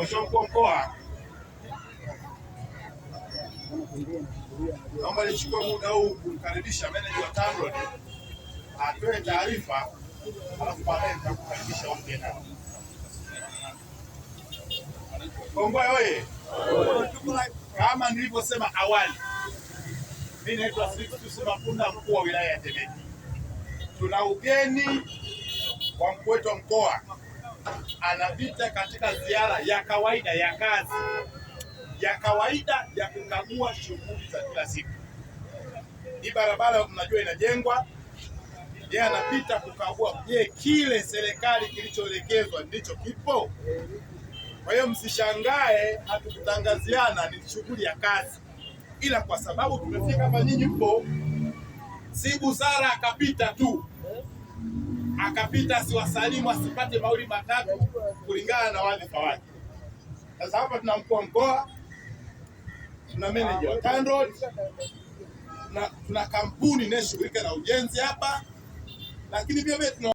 Mheshimiwa mkuu wa mkoa, naomba nichukue muda huu kumkaribisha meneja wa TANROADS atoe taarifa, alafu baadaye nitakukaribisha ongea nao. oye! Kama nilivyosema awali, mimi naitwa Punda, mkuu wa wilaya ya Temeke. Tuna ugeni wa mkuu wetu wa mkoa anapita katika ziara ya kawaida ya kazi ya kawaida ya kukagua shughuli za kila siku. Hii barabara mnajua inajengwa, yeye anapita kukagua, je, kile serikali kilichoelekezwa ndicho kipo? Kwa hiyo msishangae hatukutangaziana, ni shughuli ya kazi, ila kwa sababu tumefika hapa, nyinyi mpo, si busara akapita tu akapita asiwasalimu asipate mauli matatu kulingana na wadhifa wake. Sasa hapa tuna mkuu wa mkoa, tuna meneja wa TANROADS, tuna kampuni inayoshughulika na ujenzi hapa, lakini pia tuna